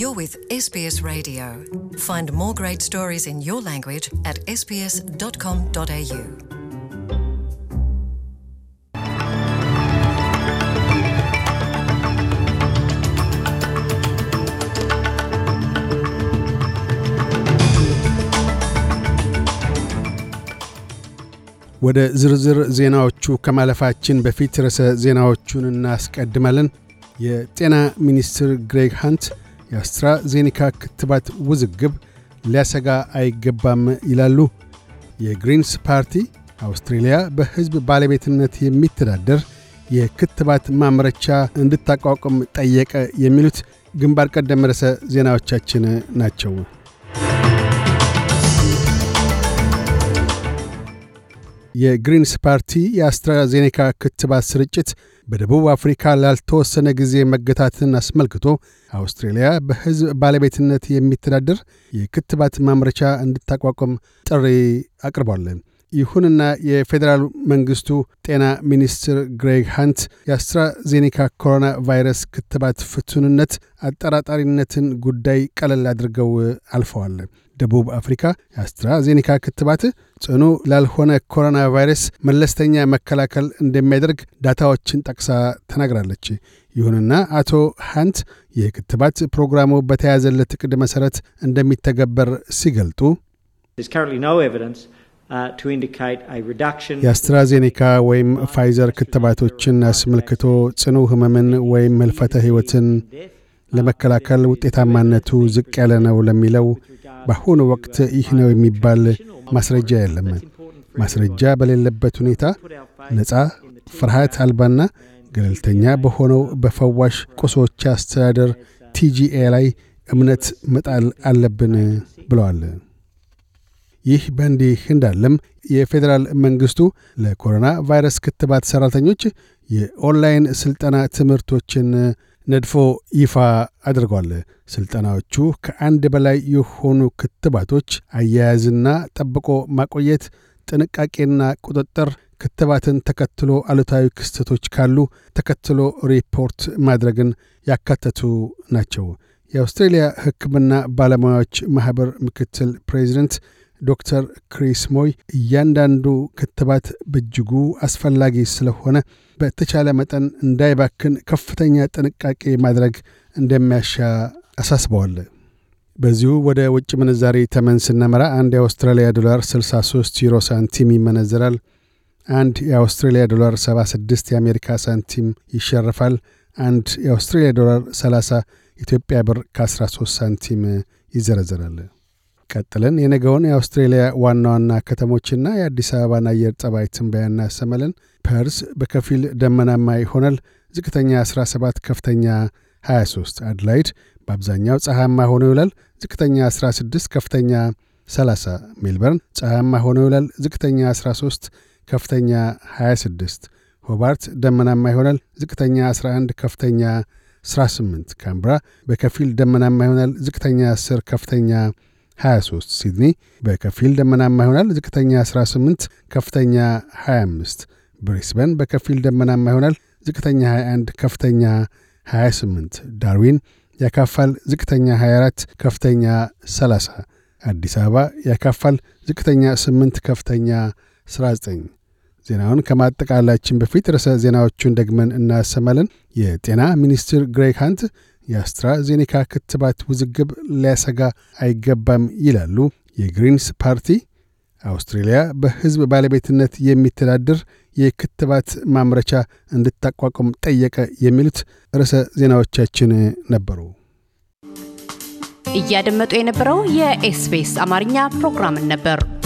You're with SBS Radio. Find more great stories in your language at sbs.com.au. ወደ ዝርዝር ዜናዎቹ ከማለፋችን በፊት ርዕሰ ዜናዎቹን እናስቀድማለን። የጤና ሚኒስትር ግሬግ ሃንት የአስትራዜኒካ ክትባት ውዝግብ ሊያሰጋ አይገባም ይላሉ። የግሪንስ ፓርቲ አውስትሬልያ በሕዝብ ባለቤትነት የሚተዳደር የክትባት ማምረቻ እንድታቋቁም ጠየቀ። የሚሉት ግንባር ቀደም ርዕሰ ዜናዎቻችን ናቸው። የግሪንስ ፓርቲ የአስትራዜኔካ ክትባት ስርጭት በደቡብ አፍሪካ ላልተወሰነ ጊዜ መገታትን አስመልክቶ አውስትሬልያ በሕዝብ ባለቤትነት የሚተዳደር የክትባት ማምረቻ እንድታቋቋም ጥሪ አቅርቧል። ይሁንና የፌዴራል መንግስቱ ጤና ሚኒስትር ግሬግ ሃንት የአስትራዜኔካ ኮሮና ቫይረስ ክትባት ፍቱንነት አጠራጣሪነትን ጉዳይ ቀለል አድርገው አልፈዋል። ደቡብ አፍሪካ የአስትራዜኒካ ክትባት ጽኑ ላልሆነ ኮሮና ቫይረስ መለስተኛ መከላከል እንደሚያደርግ ዳታዎችን ጠቅሳ ተናግራለች። ይሁንና አቶ ሃንት የክትባት ፕሮግራሙ በተያዘለት እቅድ መሠረት እንደሚተገበር ሲገልጡ uh, የአስትራዜኔካ ወይም ፋይዘር ክትባቶችን አስመልክቶ ጽኑ ህመምን ወይም ህልፈተ ህይወትን ለመከላከል ውጤታማነቱ ዝቅ ያለ ነው ለሚለው በአሁኑ ወቅት ይህ ነው የሚባል ማስረጃ የለም። ማስረጃ በሌለበት ሁኔታ ነፃ ፍርሃት አልባና ገለልተኛ በሆነው በፈዋሽ ቁሶች አስተዳደር ቲጂኤ ላይ እምነት መጣል አለብን ብለዋል። ይህ በእንዲህ እንዳለም የፌዴራል መንግስቱ ለኮሮና ቫይረስ ክትባት ሠራተኞች የኦንላይን ሥልጠና ትምህርቶችን ነድፎ ይፋ አድርጓል። ሥልጠናዎቹ ከአንድ በላይ የሆኑ ክትባቶች አያያዝና ጠብቆ ማቆየት፣ ጥንቃቄና ቁጥጥር፣ ክትባትን ተከትሎ አሉታዊ ክስተቶች ካሉ ተከትሎ ሪፖርት ማድረግን ያካተቱ ናቸው። የአውስትሬልያ ሕክምና ባለሙያዎች ማኅበር ምክትል ፕሬዚደንት ዶክተር ክሪስ ሞይ እያንዳንዱ ክትባት በእጅጉ አስፈላጊ ስለሆነ በተቻለ መጠን እንዳይባክን ከፍተኛ ጥንቃቄ ማድረግ እንደሚያሻ አሳስበዋል። በዚሁ ወደ ውጭ ምንዛሪ ተመን ስናመራ አንድ የአውስትራሊያ ዶላር 63 ዩሮ ሳንቲም ይመነዘራል። አንድ የአውስትራሊያ ዶላር 76 የአሜሪካ ሳንቲም ይሸርፋል። አንድ የአውስትራሊያ ዶላር 30 ኢትዮጵያ ብር ከ13 ሳንቲም ይዘረዘራል። ቀጥለን የነገውን የአውስትሬሊያ ዋና ዋና ከተሞችና የአዲስ አበባን አየር ጠባይ ትንበያ እናሰማለን። ፐርስ በከፊል ደመናማ ይሆናል። ዝቅተኛ 17፣ ከፍተኛ 23። አድላይድ በአብዛኛው ፀሐያማ ሆኖ ይውላል። ዝቅተኛ 16፣ ከፍተኛ 30። ሜልበርን ፀሐያማ ሆኖ ይውላል። ዝቅተኛ 13፣ ከፍተኛ 26። ሆባርት ደመናማ ይሆናል። ዝቅተኛ 11፣ ከፍተኛ 18። ካምብራ በከፊል ደመናማ ይሆናል። ዝቅተኛ 10፣ ከፍተኛ 23 ሲድኒ በከፊል ደመናማ ይሆናል። ዝቅተኛ 18፣ ከፍተኛ 25። ብሪስበን በከፊል ደመናማ ይሆናል። ዝቅተኛ 21፣ ከፍተኛ 28። ዳርዊን ያካፋል። ዝቅተኛ 24፣ ከፍተኛ 30። አዲስ አበባ ያካፋል። ዝቅተኛ 8፣ ከፍተኛ 19። ዜናውን ከማጠቃላችን በፊት ርዕሰ ዜናዎቹን ደግመን እናሰማለን። የጤና ሚኒስትር ግሬግ ሃንት የአስትራዜኔካ ክትባት ውዝግብ ሊያሰጋ አይገባም ይላሉ የግሪንስ ፓርቲ። አውስትሬልያ በሕዝብ ባለቤትነት የሚተዳደር የክትባት ማምረቻ እንድታቋቁም ጠየቀ። የሚሉት ርዕሰ ዜናዎቻችን ነበሩ። እያደመጡ የነበረው የኤስፔስ አማርኛ ፕሮግራምን ነበር።